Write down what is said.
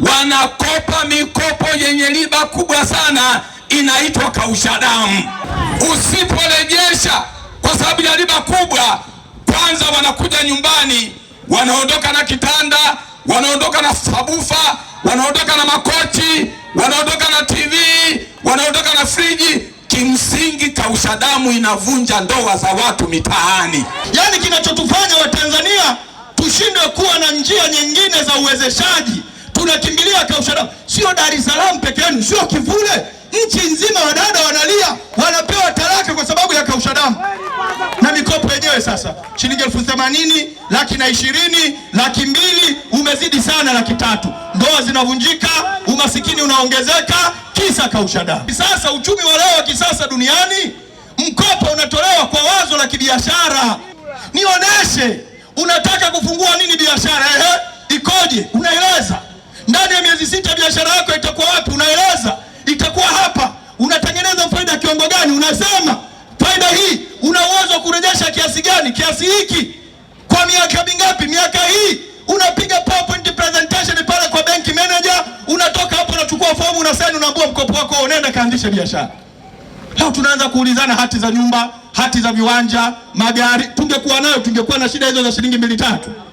wanakopa mikopo yenye riba kubwa sana, inaitwa kausha damu. Usiporejesha kwa sababu ya riba kubwa, kwanza wanakuja nyumbani, wanaondoka na kitanda, wanaondoka na sabufa, wanaondoka na makochi, wanaondoka na TV, wanaondoka na friji. Kimsingi, kausha damu inavunja ndoa za watu mitaani. Yani kinachotufanya Watanzania tushindwe kuwa na njia nyingine za uwezeshaji unakimbilia kausha damu, sio Dar es Salaam peke sio Kivule, nchi nzima. Wadada wanalia, wanapewa talaka kwa sababu ya kausha damu na mikopo yenyewe. Sasa shilingi elfu themanini, laki na ishirini, laki mbili, umezidi sana, laki tatu. Ndoa zinavunjika, umasikini unaongezeka, kisa kausha damu. Sasa uchumi wa leo wa kisasa duniani, mkopo unatolewa kwa wazo la kibiashara. Nionyeshe unataka kufungua nini biashara, ehe, ikoje? Unaeleza ndani ya miezi sita biashara yako itakuwa wapi? Unaeleza itakuwa hapa. Unatengeneza faida kiwango gani? Unasema faida hii, una uwezo wa kurejesha kiasi gani? Kiasi hiki kwa miaka mingapi? Miaka hii. Unapiga PowerPoint presentation pale kwa bank manager, unatoka hapo, unachukua fomu, una sign, unaambua mkopo wako, unaenda kaanzisha biashara. Leo tunaanza kuulizana hati za nyumba, hati za viwanja, magari. Tungekuwa nayo tungekuwa na shida hizo za shilingi mbili tatu.